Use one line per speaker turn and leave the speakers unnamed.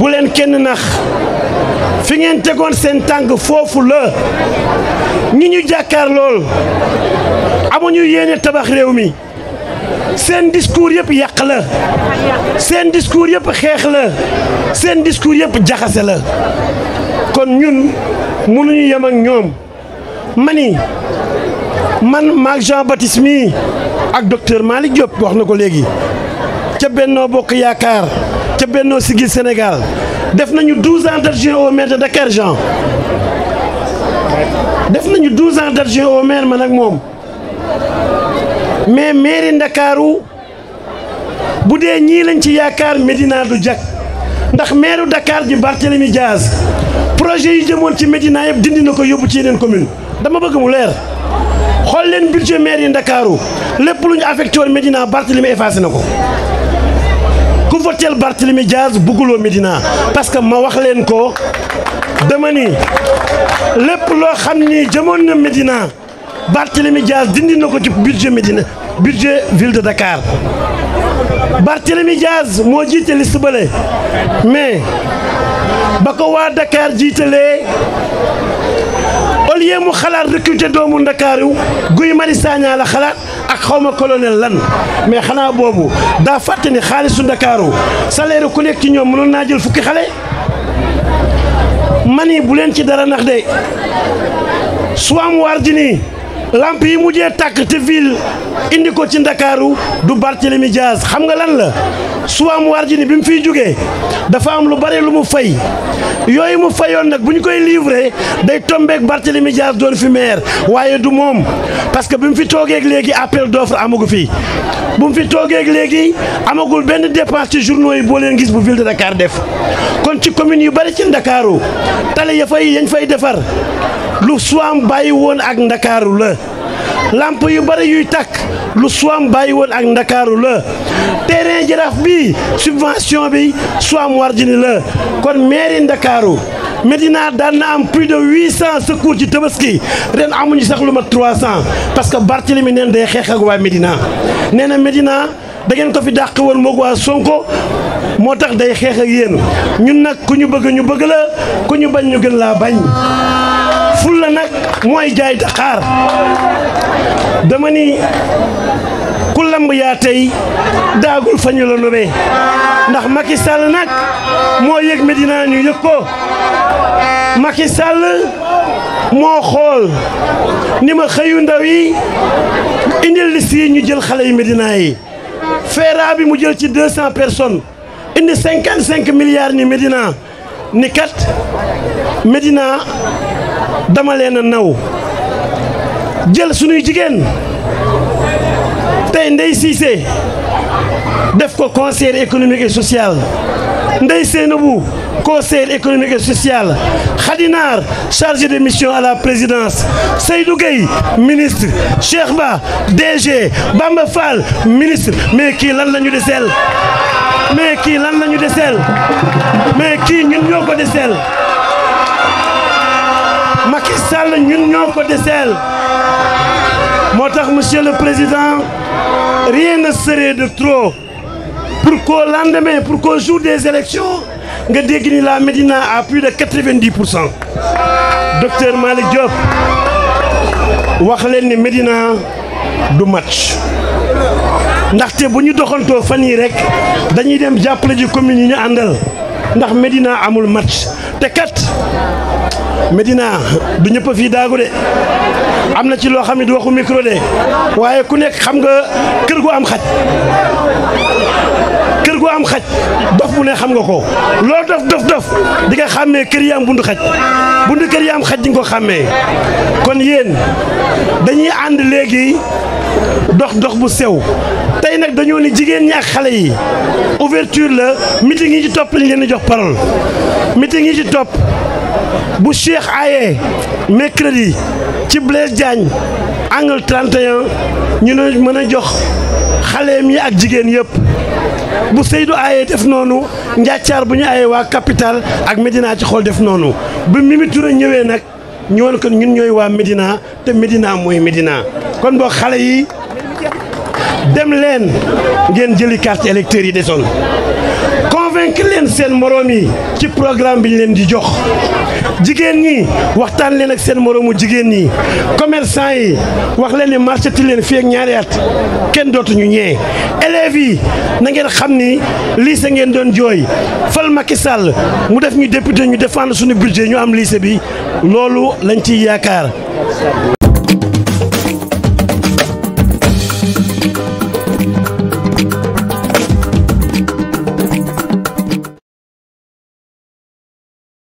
bu leen kenn nax fi ngeen tegoon seen tànk foofu la ñi ñu jàkkaar lool amuñu yéene tabax réew mi seen discours yëpp yàq la seen discours yëpp xeex la seen discours yëpp jaxase la kon ñun munuñu yem ak ñoom mani man maag Jean Baptiste mi ak docteur Malick Diop wax na ko léegi ca Bennoo Bokk Yaakaar ca Bennoo Siggil Sénégal def nañu 12 ans d'adjoint au de Dakar Jean def nañu 12 ans d'adjoint au maire man ak moom mais mairie Ndakaaru bu dee ñii lañ ci yaakaar Médina du jag ndax maire Dakar ji Barthélemy jaas projet yi jëmoon ci Médina yëpp dindi na ko yóbbu ci yeneen commune dama bëgg mu leer xool leen budget maire yi Ndakaaru lépp lu ñu affecté woon Médina Barthélemy effacé na ko ku voteel Barthélemy Diaz bugguloo Médina parce que ma wax leen ko dama ni lépp loo xam ni jëmoon na Médina Barthélemy Diaz ko ci budget Médina budget ville de Dakar Barthélemy Diaz moo jiite liste bële mais ba ko waa Dakar jiitalee au lieu mu xalaat recruter doomu Ndakaaru Guy Marius Sagna la xalaat xaw ma colonel lan mais xanaa boobu daa fàtte ni xaalisu Ndakaaru salaire ku nekk ci ñoom mënoon naa jël fukki xale mani bu leen ci dara nax de suam waar ji lamp yi mujjee tàkk te ville indi ko ci ndakaaru du Barthélemy Diaz xam nga lan la Soham Wardini bi mu fiy jógee dafa am lu bare lu mu fay yooyu mu fayoon nag bu ñu koy livre day tombeek Barthélemy Diaz doon fi maire waaye du moom parce que bi fi toogee léegi appel d'offre amagu fi bu mu fi toogee léegi amagul benn dépense ci journaux yi boo leen gis bu ville de Dakar def kon ci commune yu bari ci ndakaaru tale ya fay fay defar lu Soham bàyyi woon ak ndakaaru la làmp yu bari yuy tàkk lu Soham bàyyi woon ak ndakaaru la terrain jaraaf bi subvention bi Soham Wardini la kon mairie ndakaaru Médina daan na am plus de huit cent secours ci tabaski ren amuñu sax lu mat trois cent parce que Barthélemy neen day xeex ak waa Médina nee na Médina da ngeen ko fi dàq woon moog waa Sonko moo tax day xeex yéenu yéen ñun nag ku ñu bëgg ñu bëgg la ku ñu bañ ñu gën laa bañ fulla nag ni ku lamb yaa tey daagul ndax Macky Sall nag moo yëg Medina ñu yëg ko Sall moo xool ni ma xëyu ndaw yi indil liste yi ñu jël xale yi Medina yi feera bi mu jël ci deux cent personnes indi cinquante cinq milliards ni Medina ni kat Medina dama leen a naw jël sunuy jigéen tey Ndeye Cissé def ko conseil économique et social Ndeye Seynabou conseil économique et social Khadinaar chargé de mission à la présidence Seydou Gueye ministre Cheikh Ba DG Bamba Fall ministre mais kii lan la ñu deseel mais kii lan la ñu deseel mais kii ñun Macky Sall ñun ñoo ko deseel moo tax monsieur le président rien ne serait de trop pour qu'au lendemain pour qu'au jour des élections nga dégg ni la Médina à plus de quatre-vingt-dix pour cent docteur Malick Diop wax leen ni Médina du match ndaxte bu ñu doxantoo fan yii rek dañuy dem jàppale ji commune yi ñu àndal ndax Médina amul match te kat. Médina du ñëpp fii daagu de am na ci loo xam ne du waxu micro de waaye ku nekk xam nga kër gu am xaj kër gu am xaj dof bu ne xam nga ko loo dof dof dof di nga xàmmee kër yi am bundu xaj bundu kër yi am xaj di nga ko xàmmee kon yéen dañuy ànd léegi. dox dox bu sew tey nag dañoo ni jigéen ñi ak xale yi ouverture la meeting yi ci topp lañ leen di jox parole meeting yi ci topp bu Cheikh Aye mercredi ci Blaise Diagne angle 31 ñu ne mën a jox xaleem yi ak jigéen yëpp bu Seydou Aye def noonu njàccaar bu ñu aye waa capital ak Medina ci xool def noonu bu Mimi ñëwee nag. ñoon kon ñun ñooy waa Médina te Médina mooy Médina kon boo xale yi dem leen ngeen jëli carte électeur yi desoon convaincre leen seen moroom yi ci programme bi ñu leen di jox jigéen ñi waxtaan leen ak seen moroomu jigéen ñi commerçant yi wax leen ni marché ti leen fii ak ñaari at kenn dootuñu ñee élèves yi na ngeen xam ni lycée ngeen doon jooy fal Macky Sall mu def ñu député ñu défendre suñu budget ñu am lycée bi loolu lañ ci yaakaar